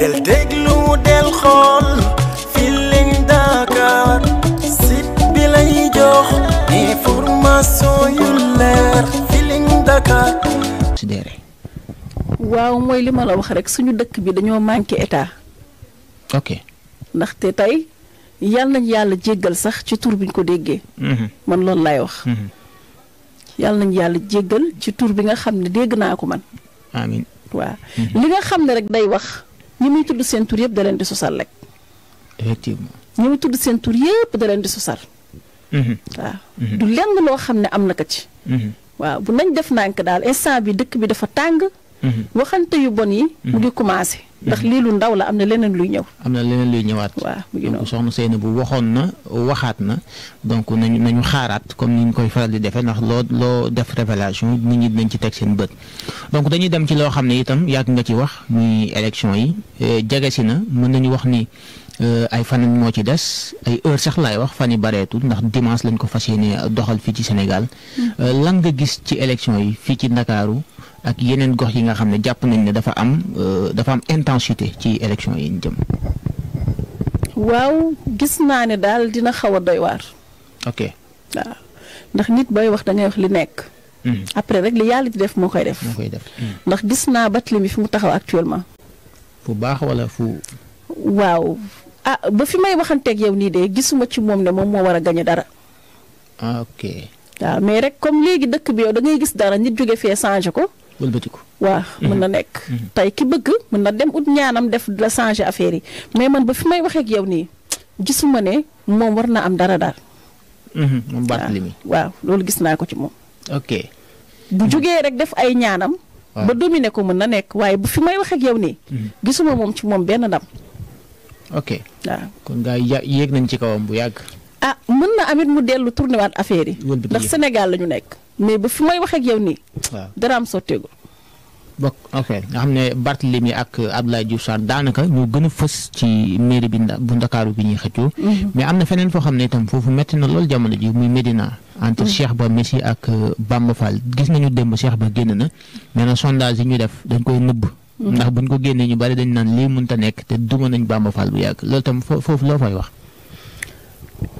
del déglu del xool Feeling Dakar site bi lay jox information yu leer Feeling Dakar waaw mooy li ma la wax rek suñu dëkk bi dañoo manqué état ndaxte tey yàlla nañ yàlla jéggal sax ci tur bi ñu ko déggee mhm. man loolu laay wax mhm. yàlla nañ yàlla jéggal ci tur bi nga xam ne dégg naa ko man amiin mhm. li nga xam ne rek day wax ñi muy tudd seen tur yëpp da leen di sosal rek. effectivement ñi muy tudd seen tur yëpp da leen di sosal. Mhm. waaw mhm. du lenn loo xam ne am na ko ci. Mhm. waaw bu nañ def ndànk daal instant bi dëkk bi dafa tàng. waxante yu bon yi. mu ngi commencé. ndax lii lu ndaw la am na leneen luy ñëw. am na leneen luy ñëwaat. waaw mu ngi noonu soxna Seyna bu waxoon na waxaat na donc nañu nañu xaaraat comme ni ñu koy faral di defee ndax loo loo def révélation nit ñi nañ ci teg seen bët. donc dañuy dem ci loo xam ne itam yàgg nga ci wax muy élection yi eh, jege si na mën nañu wax ni eh, ay fan moo ci des ay heure sax laay wax fan yi bareetul ndax dimanche lañ ko fas yéene doxal fii ci Sénégal. Hmm. Eh, lan nga gis ci élection yi fii ci Ndakaaru ak yeneen gox yi nga xam ne jàpp nañ ne dafa am euh, dafa am intensité ci élection yi ñu jëm. waaw gis naa ne daal dina xaw a doy waar. ok waaw ndax nit booy wax dangay ngay wax li nekk. Hmm. après rek li yàlla di def moo koy def. moo koy def hmm. ndax gis naa Barthélémy fi mu taxaw actuellement. fu baax wala fu. waaw ah ba fi may waxanteeg yow nii de gisuma ci moom ne moom moo war a gañe dara. Ah, ok. waaw mais rek comme léegi dëkk bi yow da ngay gis dara nit jóge fee changé ko. wëlbatiku waaw mën na mhm. nekk mhm. tey ki bëgg mën na dem ut ñaanam def la changer affaire yi mais man ba fi may waxee ak yow nii gisuma ne moom war na am dara daal mhm, moom waaw loolu gis naa ko ci moom ok bu jógee rek def ay ñaanam ba ko mën na nekk waaye bu fi may wax ak yow gisuma moom ci moom benn ndam ok waaw kon gaa yéeg nañ ci kawam bu yàgg a ah, mën na amit mu dellu tourné waat affaire yi ndax Sénégal la ñu nekk mais ba fi may wax ak yow nii. dara am sotteegul. bokk ok nga xam ne Barthélemy ak ab Abdoulaye Diouf Sarr daanaka ñoo gën a fës ci mairie bi bu Ndakaaru bi ñuy xëccoo. Mhm. mais am na feneen foo xam ne itam foofu metti na lool jamono ji muy Médina. entre mhm. Cheikh Ba Messi ak euh, Bamba Fall gis nañu démb Cheikh Ba génn na nee na sondage yi ñu def dañ koy nëbb. Mhm. ndax buñ ko génnee ñu bari dañ naan lii mënta nekk te duma nañ Bamba Fall bu yàgg loolu tam foofu loo fay wax.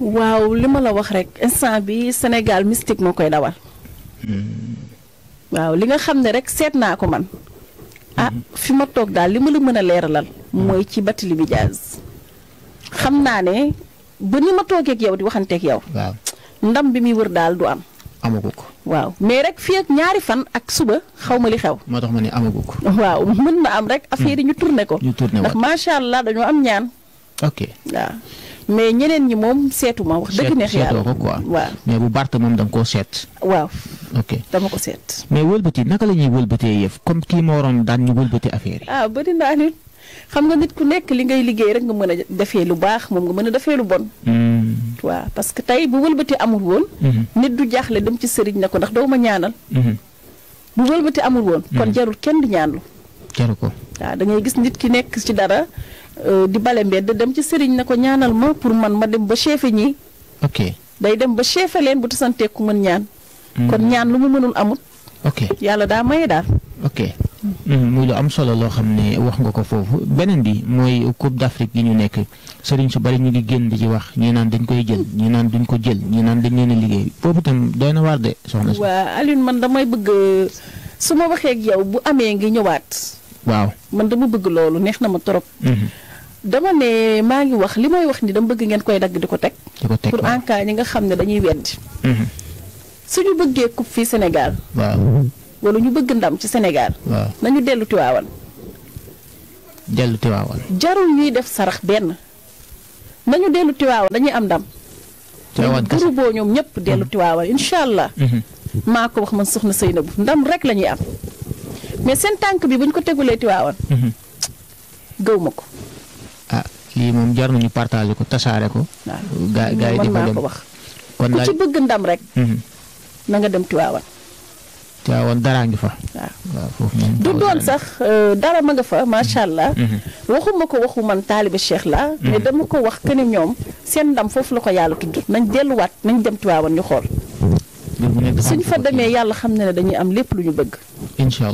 waaw li ma la wax rek instant bi Sénégal mystique moo koy dawal. waaw li nga xam ne rek seet naa ko man. a ah, fi ma toog daal li ma la mën a leeralal. mooy ci Barthélémy Dias. xam naa ne ba ni ma toogeek yow di waxanteek yow. waaw ndam bi muy wër daal du am. amagu ko waaw mais rek fii ak ñaari fan ak suba xaw ma li xew. moo tax ma ni amagu ko. waaw mën na am rek. affaire ñu tourné ko. ñu tourné ndax macha allah dañoo am ñaan. ok waaw. mais ñeneen ñi moom seetuma wax dëgg neex yàlla seetoo ko quoi waaw mais bu Barth moom da koo seet waaw dama ko seet mais wëlbati naka la ñuy wëlbatee yëf comme kii moo waroon daan ñu wëlbati affaire yi ah bëri naa nit xam nga nit ku nekk li ngay liggéey rek nga mën a defee lu baax moom nga mën a defee lu bon hmm. waaw parce que tey bu wëlbati amul woon hmm. nit du jaaxle dem ci sëriñ na ko ndax doo ma ñaanal hmm. bu wëlbati amul woon kon jarul kenn di ñaanlu jaru ko waaw da ngay gis nit ki nekk ci dara euh, di bale da dem ci sëriñ na ko ñaanal ma pour man ma dem ba chefe ñi ok day dem ba chefe leen bu tasantee ku mën ñaan mm. kon ñaan lu mu mënul amut ok yàlla daa maye daal ok mm, muy lu am solo loo xam ne wax nga ko foofu beneen bi mooy Coupe d'Afrique yi ñu nekk sëriñ su bari ñu ngi génn di ci wax ñii naan dañ koy jël ñii naan duñ ko jël ñii naan dañ leen liggéey foofu tam doy na waar de soxna si. waaw Alioune man damay bëgg su ma waxee yow bu amee ngi ñëwaat. waaw man dama bëgg loolu neex na ma trop. Mhm. dama ne maa ngi wax li may wax ni dama bëgg ngeen koy dagg di ko teg. di ko teg pour en ñi nga xam ne dañuy weddi. Mhm. suñu bëggee coupe fii Sénégal. waaw ñu bëgg ndam ci Sénégal. waaw nañu dellu Tiwaawan. dellu Tiwaawan. jarul ñuy def sarax benn nañu dellu Tiwaawan dañuy am ndam. Tiwaawan kese boo ñoom ñëpp dellu mhm. Tiwaawan incha allah. maa ko wax man soxna Seynabou ndam rek la ñuy am. mais seen tànk bi bu ñu ko tegulee Tiwaawan. Mhm. gëw ma ko. ah lii moom jar nañu partagé ko tasaare ko. waaw gaa ko yi di ku ci bëgg ndam rek. Mhm. na nga dem Tiwaawan. Tiwaawan daraa ngi fa. waaw foofu moom du doon sax euh, dara ma nga fa macha allah. Mhm. waxuma ko waxu man taalibe Cheikh la mais dama ko wax que ñoom seen ndam foofu la ko yàlla tudd nañ delluwaat nañ dem Tiwaawan ñu xool. suñ fa demee yàlla xam na ne dañuy am lépp lu ñu bëgg. incha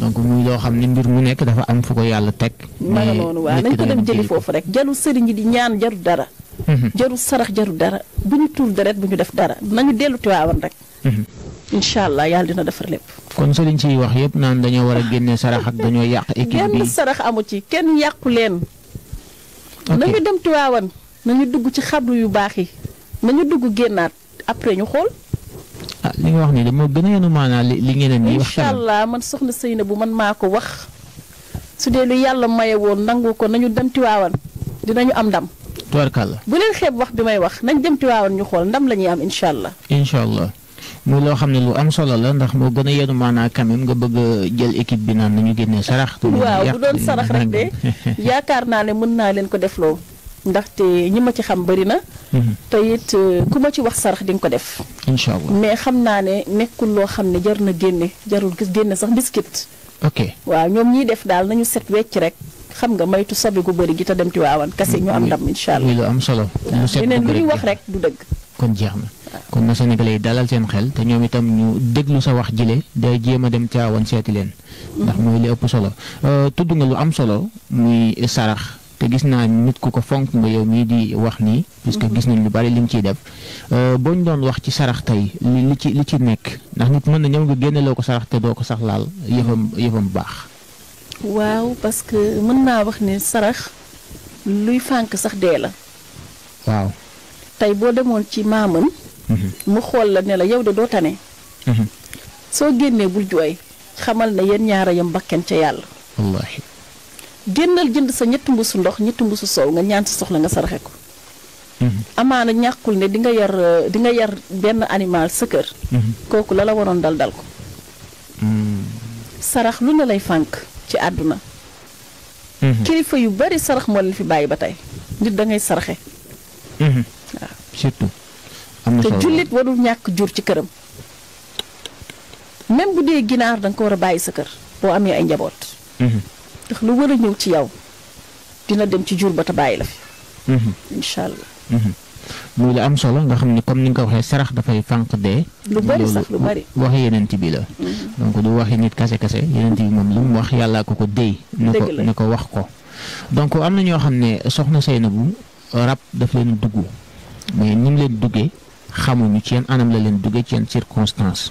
donc muy loo xam ne mbir mu nekk dafa am fu ko yàlla teg. ma nga noonu nañ ko dem jëli foofu rek jaru sëriñ yi di ñaan jaru dara. Mhm. jaru sarax jaru dara bu ñu tuur deret bu ñu def dara nañu dellu Tiwaawan rek. Mhm. incha allah yàlla dina defar lépp. kon sëriñ siy wax yëpp naan dañoo war a génne sarax ak dañoo yàq équipe bi genn sarax amu ci kenn yàqu leen. nañu dem Tiwaawan nañu dugg ci xabru yu baax yi nañu dugg génnaat après ñu xool. ah li nga wax nii dama gën a yenu maanaa li li ngeen wax incha man soxna Seyna bu man maa ko wax su dee lu yàlla maye woon nangu ko nañu dem Tiwaawan dinañu am ndam. kal bu leen xeeb wax bi may wax nañ dem Tiwaawan ñu xool ndam la ñuy am incha allah. incha muy loo xam ne lu am solo la ndax moo gën a yenu maanaa quand même nga bëgg jël équipe bi naan nañu génnee sarax. waaw bu doon sarax rek de yaakaar naa ne mën naa leen ko def loo ndaxte ñi ma ci xam bëri na. Mhm. te it euh, ku ma ci wax sarax di nga ko def. incha allah mais xam naa ne nekkul loo xam ne jar na génne jarul gis génne sax biskit. ok waaw ñoom ñiy def daal nañu set wecc rek xam nga maytu sobe gu bëri gi te dem ci waawan kese ñu am ndam incha allah. lu am solo. leneen lu ñuy wax rek kon jeex na kon na Sénégalais yi dalal seen xel te ñoom itam ñu déglu sa wax jile day jéem a dem caawan seeti leen. Mhm. ndax mooy li ëpp solo euh, tudd nga lu am solo muy sarax. te gis naa nit ku ko fonk nga yow mii di wax nii. puisque mhm. gis nañ lu bari li nga ciy def euh, boo ñu doon wax ci sarax tey li ci li ci nekk ndax nit mën na ñëw nga génneloo ko sarax te doo ko sax laal yëfam yëfam baax. waaw parce que mën naa wax ne sarax luy fànk sax dee la. waaw tey boo demoon ci maamam. Mhm. mu xool la ne la yow de doo tane. Mhm. soo génnee bul jooy xamal na yéen ñaara yam bakken ca yàlla. génnal jënd sa ñetti mbusu ndox ñetti mbusu soow nga ñaan sa soxla nga saraxe ko. amaana ñàkkul ne di nga yar di nga yar benn animal sa kër. kooku la la waroon dal dal ko. sarax lu ne lay fànk ci àdduna. kilifa yu bari sarax moo leen fi bàyyi ba tey nit dangay saraxe. waaw surtout. am te jullit warul ñàkk jur ci këram. même bu dee ginaar da ko war a bàyyi sa kër boo amee ay njaboot. ndax lu war a ñëw ci yow dina dem ci jur ba te bàyyi la fi. Mhm. incha allah. Mhm. muy lu am solo nga xam ni comme ni nga ko waxee sarax dafay fànq dee. lu sax lu bari wax yeneent bi la. Mhm. donc du waxi nit kase kase yeneent bi moom lu mu wax yàllaa ko ko déy. ni ko wax ko. donc am na ñoo xam ne soxna na bu rab daf leen dugg mais ni mu leen duggee xamuñu ci yan anam la leen duggee ci yan circonstance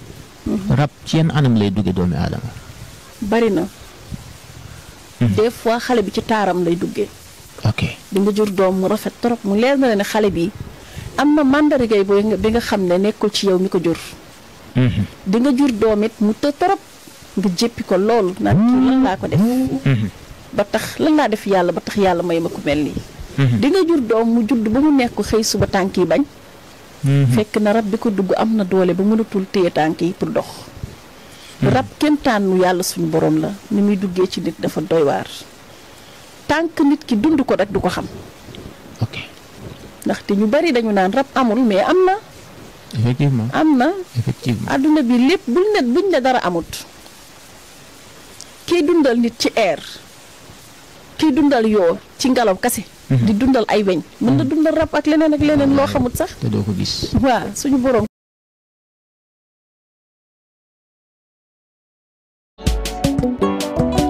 rab ci yenn anam lay duggee doomi aadama. Mhm. des fois xale bi ci taaram lay duggee. ok di jur doom mu rafet trop mu leer na la ne xale bi am na màndargay bi nga xam ne nekkul ci yow mi ko jur. Mhm. dinga jur doomit mu të trop nga jéppi ko lool naan kii lan laa ko def. Mhm. ba tax lan laa def yàlla ba tax yàlla may ma ko mel nii. di nga jur doom mu judd ba mu nekk xëy suba tànk yi bañ. fekk na rab bi ko dugg am na doole ba mënatul téye tànk yi pour dox. rab kéemtaanu yàlla suñu boroom la ni muy duggee ci nit dafa doy waar tànk nit ki dund ko rek du ko xam ndaxte ñu bari dañu naan rab amul mais am na effectivement am na effectivement adduna bi lépp buñ ne buñ ne dara amut kiy dundal nit ci air kiy dundal yoo ci ngelaw kase mhm. di dundal ay weñ mën na mhm. dundal rab ak leneen ak leneen loo ah, xamut sax te suñu borom